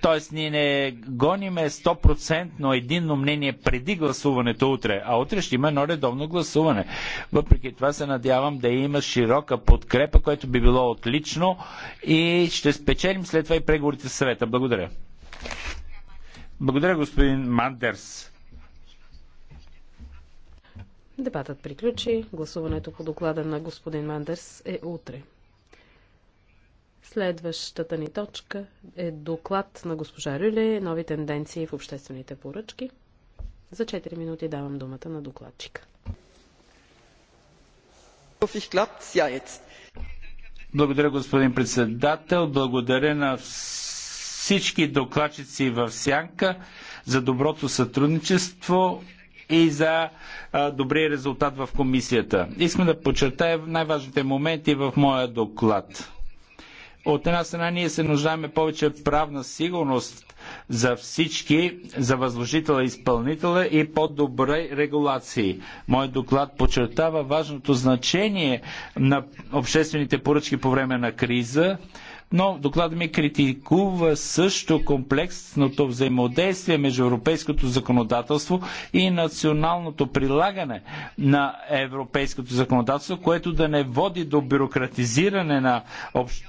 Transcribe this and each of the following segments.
Тоест, ние не гониме 100% единно мнение преди гласуването утре, а утре ще има едно редовно гласуване. Въпреки това се надявам да има широка подкрепа, което би било отлично и ще спечелим след това и преговорите с съвета. Благодаря. Благодаря, господин Мандерс. Дебатът приключи. Гласуването по доклада на господин Мандерс е утре. Следващата ни точка е доклад на госпожа Рюле нови тенденции в обществените поръчки. За 4 минути давам думата на докладчика. Благодаря, господин председател. Благодаря на всички докладчици в Сянка за доброто сътрудничество и за добрия резултат в комисията. Искам да подчертая най-важните моменти в моя доклад. От една страна ние се нуждаем повече правна сигурност за всички, за възложителя и изпълнителя и по-добре регулации. Моят доклад подчертава важното значение на обществените поръчки по време на криза но доклада ми критикува също комплексното взаимодействие между европейското законодателство и националното прилагане на европейското законодателство, което да не води до бюрократизиране на общ...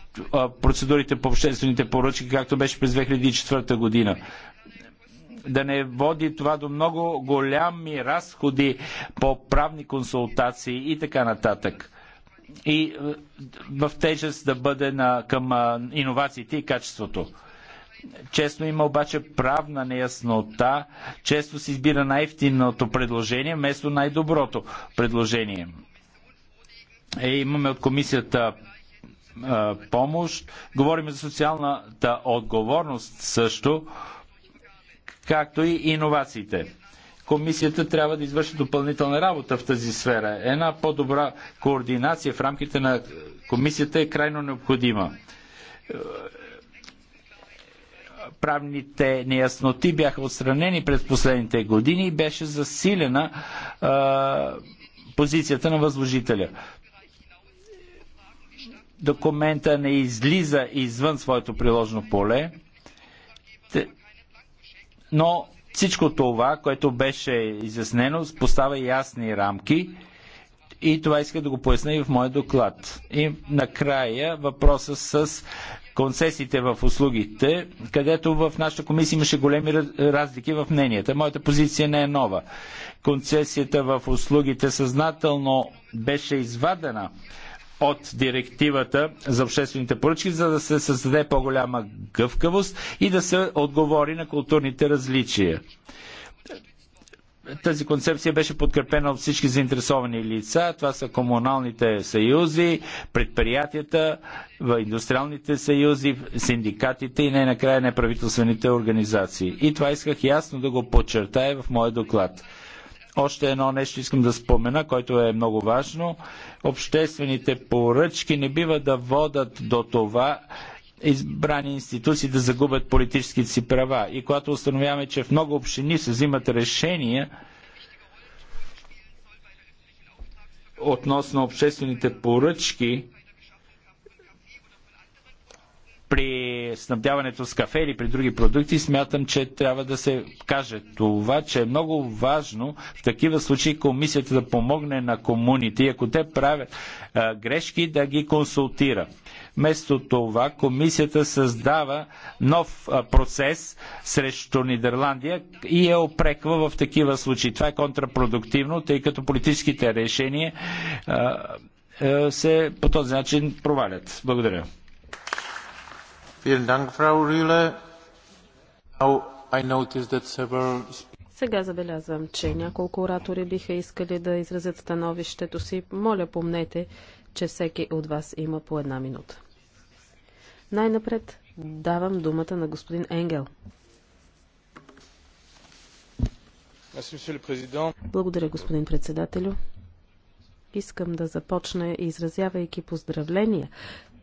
процедурите по обществените поръчки, както беше през 2004 година да не води това до много голями разходи по правни консултации и така нататък и е, в тежест да бъде на, към иновациите и качеството. Често има обаче правна неяснота, често се избира най-ефтиното предложение вместо най-доброто предложение. Е, имаме от комисията а, помощ, говорим за социалната отговорност също, както и иновациите комисията трябва да извърши допълнителна работа в тази сфера. Една по-добра координация в рамките на комисията е крайно необходима. Правните неясноти бяха отстранени през последните години и беше засилена а, позицията на възложителя. Документа не излиза извън своето приложно поле, но всичко това, което беше изяснено, поставя ясни рамки и това иска да го поясня и в моя доклад. И накрая въпроса с концесиите в услугите, където в нашата комисия имаше големи разлики в мненията. Моята позиция не е нова. Концесията в услугите съзнателно беше извадена от директивата за обществените поръчки, за да се създаде по-голяма гъвкавост и да се отговори на културните различия. Тази концепция беше подкрепена от всички заинтересовани лица. Това са комуналните съюзи, предприятията, индустриалните съюзи, синдикатите и най-накрая неправителствените организации. И това исках ясно да го подчертая в моя доклад. Още едно нещо искам да спомена, което е много важно. Обществените поръчки не бива да водат до това избрани институции да загубят политическите си права. И когато установяваме, че в много общини се взимат решения относно обществените поръчки, при снабдяването с кафе или при други продукти, смятам, че трябва да се каже това, че е много важно в такива случаи комисията да помогне на комуните и ако те правят а, грешки, да ги консултира. Вместо това комисията създава нов а, процес срещу Нидерландия и я е опреква в такива случаи. Това е контрапродуктивно, тъй като политическите решения а, а, се по този начин провалят. Благодаря. Сега забелязвам, че няколко оратори биха искали да изразят становището си. Моля, помнете, че всеки от вас има по една минута. Най-напред давам думата на господин Енгел. Благодаря, господин председателю. Искам да започна изразявайки поздравления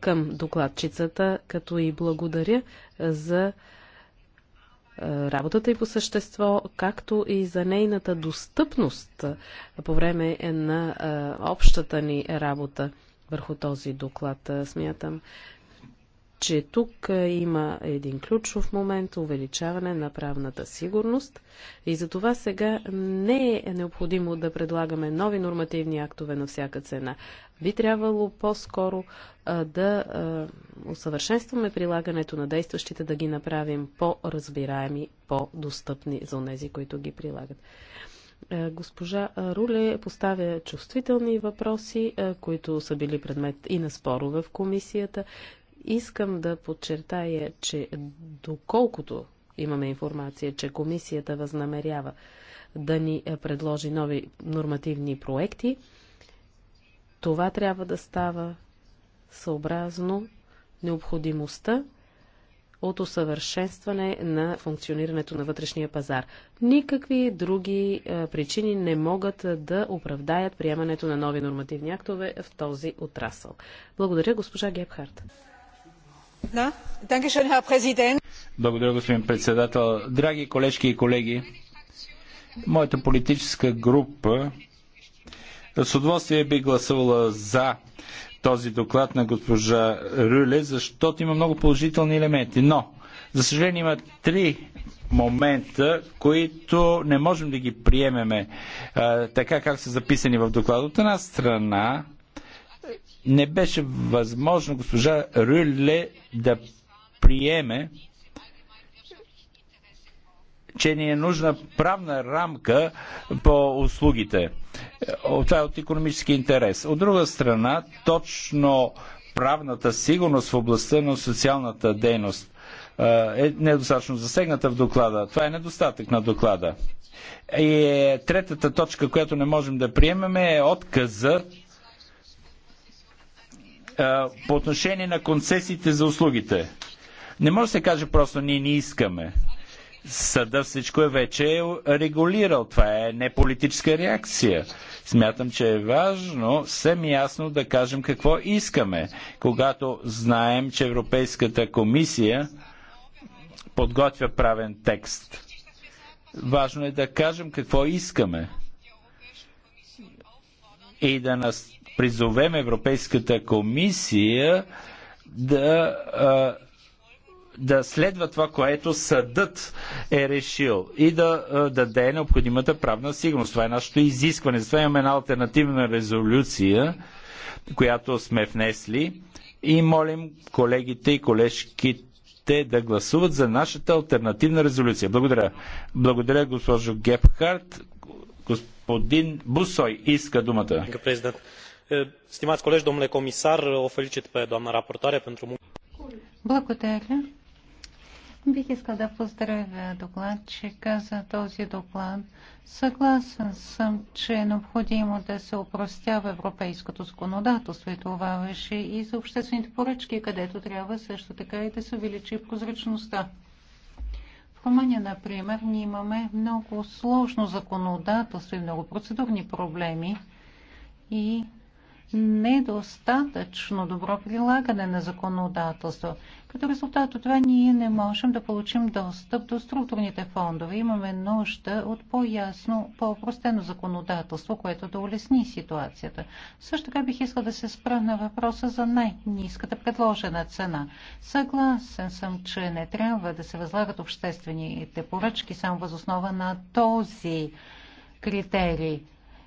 към докладчицата, като и благодаря за е, работата и по същество, както и за нейната достъпност е, по време на е, общата ни работа върху този доклад. Смятам, че тук е, има един ключов момент увеличаване на правната сигурност и за това сега не е необходимо да предлагаме нови нормативни актове на всяка цена. Би трябвало по-скоро е, да а, е, усъвършенстваме прилагането на действащите, да ги направим по-разбираеми, по-достъпни за тези, които ги прилагат. Госпожа Руле поставя чувствителни въпроси, които са били предмет и на спорове в комисията. Искам да подчертая, че доколкото имаме информация, че комисията възнамерява да ни е, предложи нови нормативни проекти, това трябва да става съобразно необходимостта от усъвършенстване на функционирането на вътрешния пазар. Никакви други а, е, причини не могат е, да оправдаят приемането на нови нормативни актове в този отрасъл. Благодаря, госпожа Гебхарт. Благодаря, господин председател. Драги колежки и колеги, моята политическа група с удоволствие би гласувала за този доклад на госпожа Рюле, защото има много положителни елементи. Но, за съжаление, има три момента, които не можем да ги приемеме а, така, как са записани в доклада. От една страна, не беше възможно госпожа Рюле да приеме, че ни е нужна правна рамка по услугите. Това е от економически интерес. От друга страна, точно правната сигурност в областта на социалната дейност е недостатъчно засегната в доклада. Това е недостатък на доклада. И е третата точка, която не можем да приемем е отказът по отношение на концесиите за услугите. Не може да се каже просто ние не искаме. Съда всичко е вече е регулирал. Това е не политическа реакция. Смятам, че е важно съм ясно да кажем какво искаме, когато знаем, че Европейската комисия подготвя правен текст. Важно е да кажем какво искаме и да нас призовем Европейската комисия да, да следва това, което съдът е решил и да, да даде необходимата правна сигурност. Това е нашето изискване. Затова имаме една альтернативна резолюция, която сме внесли и молим колегите и колежките да гласуват за нашата альтернативна резолюция. Благодаря. Благодаря, госпожо Гепхарт. Господин Бусой иска думата. Президент. Стимai colegi, domnule comisar, o felicit pe doamna raportoare pentru munca Благодаря. Бих искал да поздравя докладчика за този доклад. Съгласен съм, че е необходимо да се европейското законодателство и това беше и за обществените поръчки, където трябва също така и да се увеличи прозрачността. В Румъния, например, ние имаме много сложно законодателство и много процедурни проблеми и недостатъчно добро прилагане на законодателство. Като резултат от това ние не можем да получим достъп до структурните фондове. Имаме нужда от по-ясно, по-простено законодателство, което да улесни ситуацията. Също така бих искал да се спра на въпроса за най-низката предложена цена. Съгласен съм, че не трябва да се възлагат обществените поръчки само възоснова на този критерий.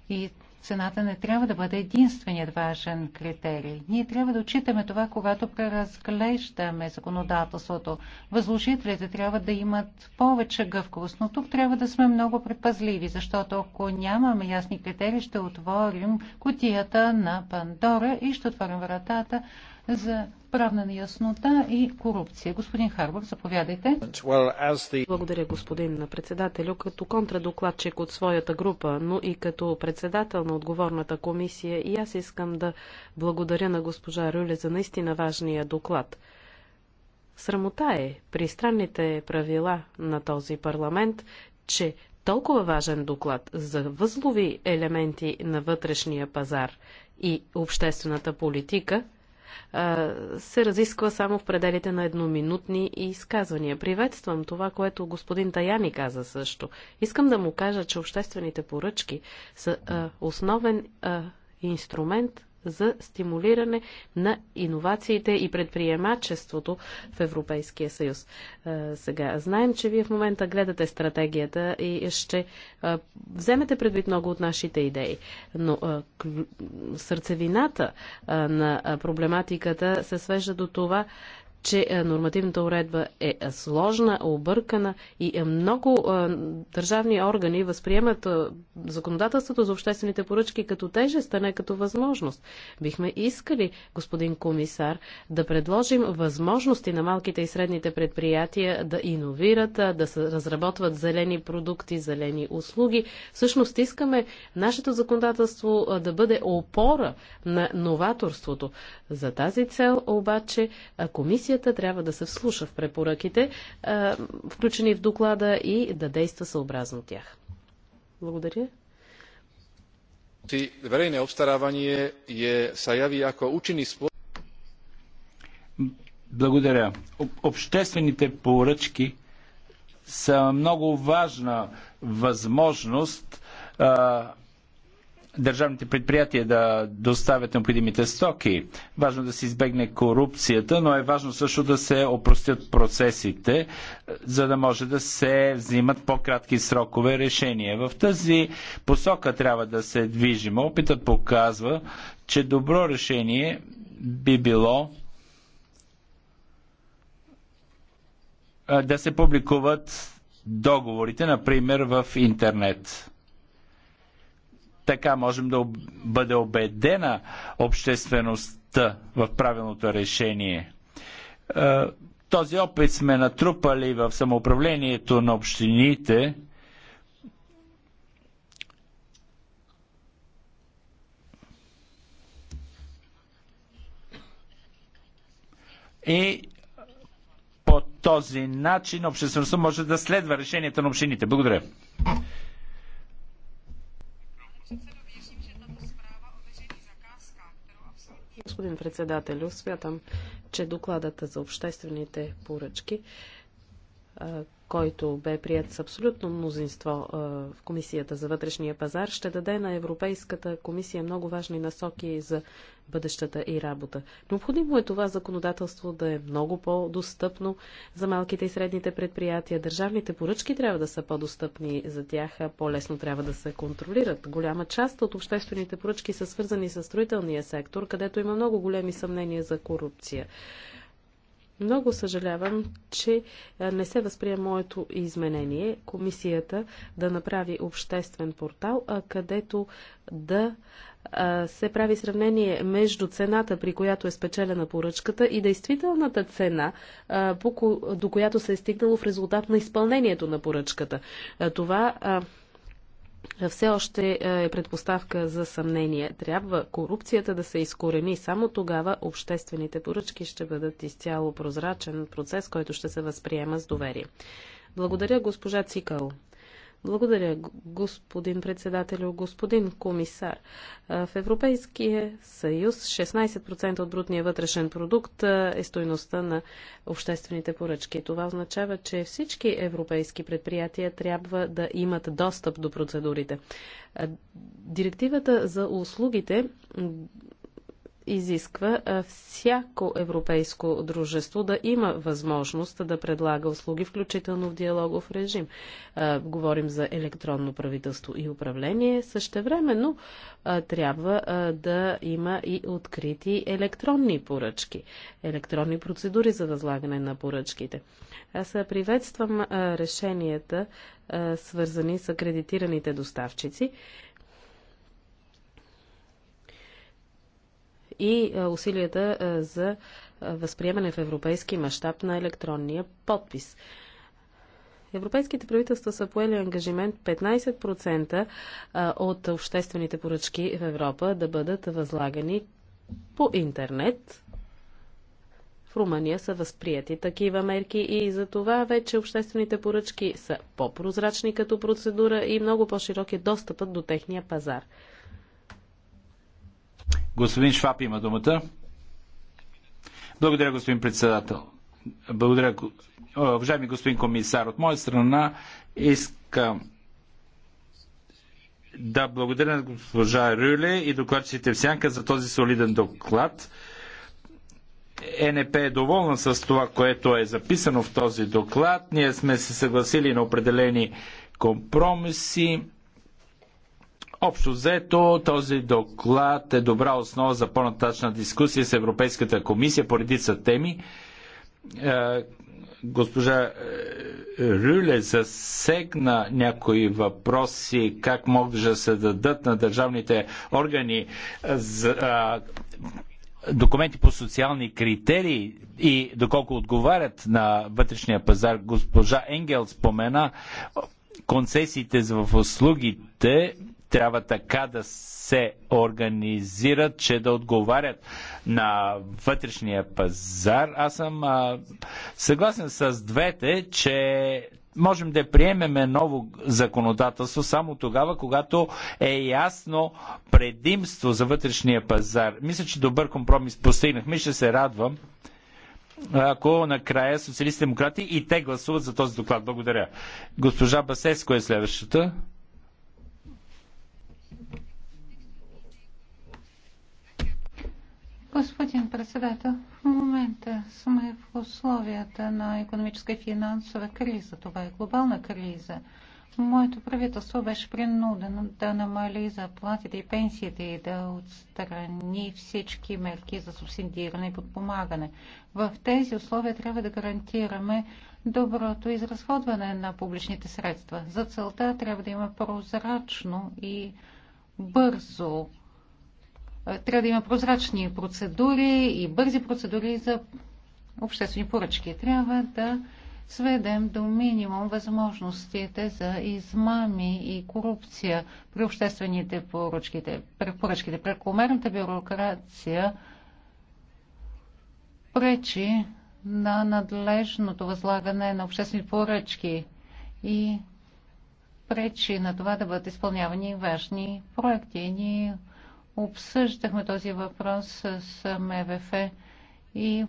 И цената не трябва да бъде единственият важен критерий. Ние трябва да отчитаме това, когато преразглеждаме законодателството. Възложителите трябва да имат повече гъвкавост, но тук трябва да сме много предпазливи, защото ако нямаме ясни критерии, ще отворим котията на Пандора и ще отворим вратата за правна неяснота и корупция. Господин Харбор, заповядайте. Благодаря, господин председателю. Като контрадокладчик от своята група, но и като председател на отговорната комисия, и аз искам да благодаря на госпожа Рюле за наистина важния доклад. Срамота е при странните правила на този парламент, че толкова важен доклад за възлови елементи на вътрешния пазар и обществената политика се разисква само в пределите на едноминутни изказвания. Приветствам това, което господин Таяни каза също. Искам да му кажа, че обществените поръчки са основен инструмент за стимулиране на иновациите и предприемачеството в Европейския съюз. Е, сега, знаем, че вие в момента гледате стратегията и ще е, вземете предвид много от нашите идеи, но е, сърцевината на проблематиката се свежда до това, че е, нормативната уредба е, е сложна, объркана и е, много държавни органи възприемат законодателството за обществените поръчки като тежест, а не като възможност. Бихме искали, господин комисар, да предложим възможности на малките и средните предприятия да иновират, да се разработват зелени продукти, зелени услуги. Всъщност искаме нашето законодателство да бъде опора на новаторството. За тази цел обаче комисия Комисията трябва да се вслуша в препоръките, е, включени в доклада и да действа съобразно тях. Благодаря. Ти верейне обстараване е саяви ако учени Благодаря. Обществените поръчки са много важна възможност а, държавните предприятия да доставят необходимите стоки. Важно да се избегне корупцията, но е важно също да се опростят процесите, е, за да може да се взимат по-кратки срокове решения. В тази посока трябва да се движим. Опитът показва, че добро решение би било е, да се публикуват договорите, например, в интернет. Така можем да бъде убедена обществеността в правилното решение. Е, този опит сме натрупали в самоуправлението на общините. И по този начин обществеността може да следва решенията на общините. Благодаря. председателю. Смятам, че докладата за обществените поръчки който бе прият с абсолютно мнозинство в Комисията за вътрешния пазар, ще даде на Европейската комисия много важни насоки за бъдещата и работа. Необходимо е това законодателство да е много по-достъпно за малките и средните предприятия. Държавните поръчки трябва да са по-достъпни за тях, по-лесно трябва да се контролират. Голяма част от обществените поръчки са свързани с строителния сектор, където има много големи съмнения за корупция. Много съжалявам, че не се възприе моето изменение комисията да направи обществен портал, където да се прави сравнение между цената, при която е спечелена поръчката и действителната цена, до която се е стигнало в резултат на изпълнението на поръчката. Това все още е, е предпоставка за съмнение. Трябва корупцията да се изкорени. Само тогава обществените поръчки ще бъдат изцяло прозрачен процес, който ще се възприема с доверие. Благодаря, госпожа Цикъл. Благодаря, господин председател, господин комисар. В Европейския съюз 16% от брутния вътрешен продукт е стойността на обществените поръчки. Това означава, че всички европейски предприятия трябва да имат достъп до процедурите. Директивата за услугите изисква всяко европейско дружество да има възможност да предлага услуги, включително в диалогов режим. Говорим за електронно правителство и управление. Същевременно трябва да има и открити електронни поръчки, електронни процедури за възлагане на поръчките. Аз приветствам решенията, свързани с акредитираните доставчици и е, усилията е, за е, възприемане в европейски мащаб на електронния подпис. Европейските правителства са поели ангажимент 15% от обществените поръчки в Европа да бъдат възлагани по интернет. В Румъния са възприяти такива мерки и за това вече обществените поръчки са по-прозрачни като процедура и много по-широк е достъпът до техния пазар. Господин Шваб има думата. Благодаря, господин председател. Благодаря, уважаеми господин комисар. От моя страна искам да благодаря на госпожа Рюле и докладчиците в Сянка за този солиден доклад. ЕНП е доволна с това, което е записано в този доклад. Ние сме се съгласили на определени компромиси. Общо взето този доклад е добра основа за по-нататъчна дискусия с Европейската комисия по редица теми. Е, госпожа е, Рюле засегна някои въпроси, как могат да се дадат на държавните органи е, за документи по социални критерии и доколко отговарят на вътрешния пазар. Госпожа Енгел спомена концесиите в услугите трябва така да се организират, че да отговарят на вътрешния пазар. Аз съм а, съгласен с двете, че можем да приемеме ново законодателство само тогава, когато е ясно предимство за вътрешния пазар. Мисля, че добър компромис постигнахме. Ще се радвам ако накрая социалисти демократи и те гласуват за този доклад. Благодаря. Госпожа Басеско е следващата. Господин председател, в момента сме в условията на економическа и финансова криза. Това е глобална криза. Моето правителство беше принудено да намали заплатите и пенсиите и да отстрани всички мерки за субсидиране и подпомагане. В тези условия трябва да гарантираме доброто изразходване на публичните средства. За целта трябва да има прозрачно и бързо е, трябва да има прозрачни процедури и бързи процедури за обществени поръчки. Трябва да сведем до минимум възможностите за измами и корупция при обществените поръчките. поръчките. Прекомерната бюрокрация пречи на надлежното възлагане на обществени поръчки и пречи на това да бъдат изпълнявани важни проекти. Ние обсъждахме този въпрос с МВФ и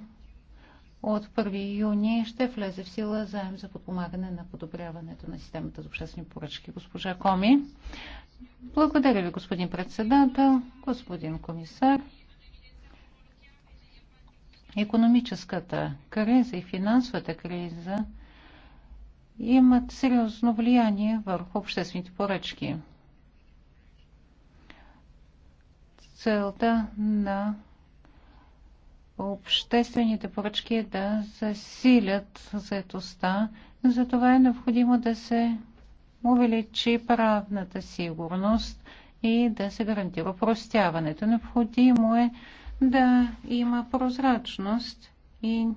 от 1 юни ще влезе в сила заем за подпомагане на подобряването на системата за обществени поръчки. Госпожа Коми. Благодаря ви, господин председател, господин комисар. Економическата криза и финансовата криза имат сериозно влияние върху обществените поръчки. целта на обществените поръчки е да засилят заетостта. Затова е необходимо да се увеличи правната сигурност и да се гарантира простяването. Необходимо е да има прозрачност и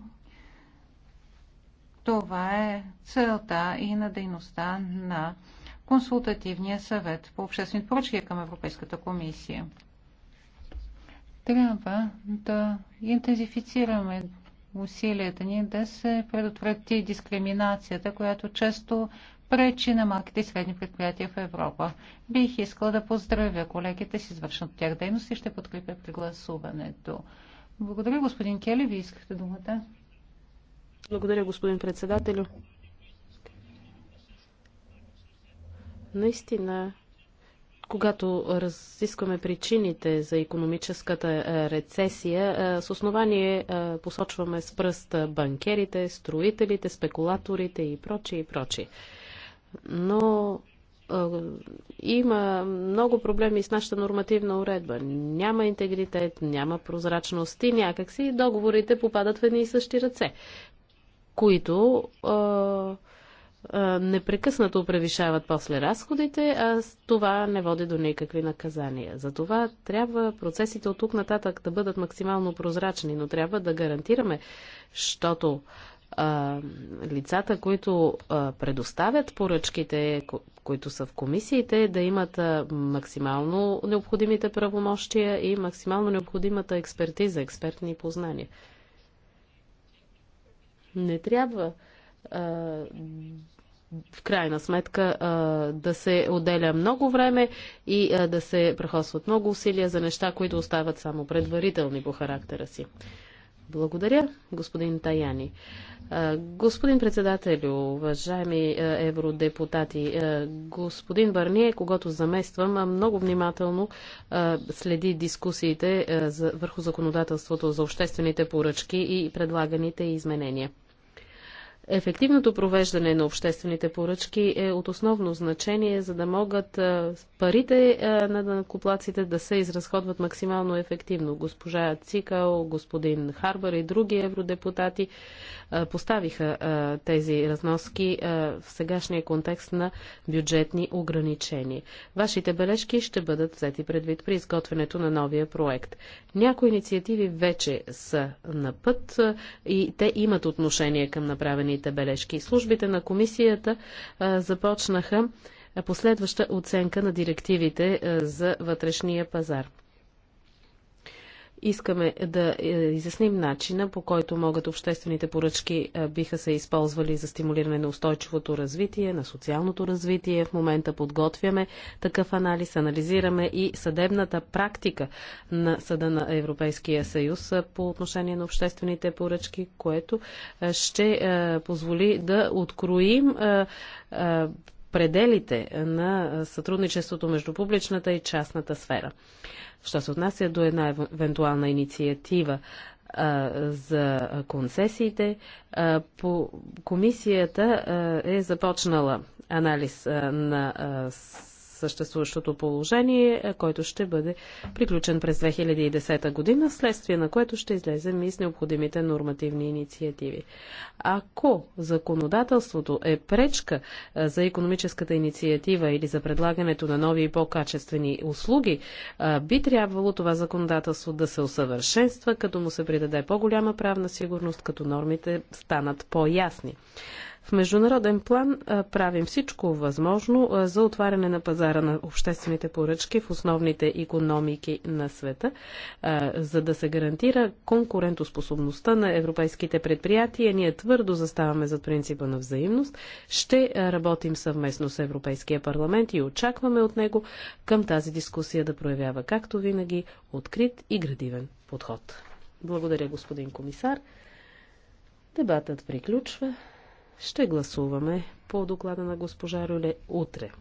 това е целта и на дейността на консултативния съвет по обществените поръчки към Европейската комисия. Трябва да интензифицираме усилията ни да се предотврати дискриминацията, която често пречи на малките и средни предприятия в Европа. Бих искала да поздравя колегите с извършната тях дейност и ще подкрепя пригласуването. Благодаря, господин Кели. Ви искахте думата. Благодаря, господин председателю. Наистина, когато разискваме причините за економическата е, рецесия, е, с основание е, посочваме с пръст банкерите, строителите, спекулаторите и прочие и прочие. Но има много проблеми с нашата нормативна уредба. Няма интегритет, няма прозрачност и някакси договорите попадат в едни и същи ръце, които непрекъснато превишават после разходите, а това не води до никакви наказания. Затова трябва процесите от тук нататък да бъдат максимално прозрачни, но трябва да гарантираме, защото а, лицата, които а, предоставят поръчките, ко които са в комисиите, да имат а, максимално необходимите правомощия и максимално необходимата експертиза, експертни познания. Не трябва в крайна сметка да се отделя много време и да се прехосват много усилия за неща, които остават само предварителни по характера си. Благодаря, господин Таяни. Господин председател, уважаеми евродепутати, господин Барние, когато замествам, много внимателно следи дискусиите върху законодателството за обществените поръчки и предлаганите изменения. Ефективното провеждане на обществените поръчки е от основно значение, за да могат парите на накоплаците да се изразходват максимално ефективно. Госпожа Цикал, господин Харбър и други евродепутати поставиха тези разноски в сегашния контекст на бюджетни ограничения. Вашите бележки ще бъдат взети предвид при изготвянето на новия проект. Някои инициативи вече са на път и те имат отношение към направените бележки. Службите на комисията започнаха последваща оценка на директивите за вътрешния пазар. Искаме да е, изясним начина, по който могат обществените поръчки е, биха се използвали за стимулиране на устойчивото развитие, на социалното развитие. В момента подготвяме такъв анализ, анализираме и съдебната практика на Съда на Европейския съюз е, по отношение на обществените поръчки, което ще позволи да откроим пределите на сътрудничеството между публичната и частната сфера. Що се отнася до една евентуална инициатива а, за концесиите, а, по комисията а, е започнала анализ на съществуващото положение, е, който ще бъде приключен през 2010 година, следствие на което ще излезем и с необходимите нормативни инициативи. Ако законодателството е пречка е, за економическата инициатива или за предлагането на нови и по-качествени услуги, е, би трябвало това законодателство да се усъвършенства, като му се придаде по-голяма правна сигурност, като нормите станат по-ясни. В международен план правим всичко възможно за отваряне на пазара на обществените поръчки в основните економики на света, за да се гарантира конкурентоспособността на европейските предприятия. Ние твърдо заставаме за принципа на взаимност. Ще работим съвместно с Европейския парламент и очакваме от него към тази дискусия да проявява, както винаги, открит и градивен подход. Благодаря, господин комисар. Дебатът приключва. Ще гласуваме по доклада на госпожа Рюле утре.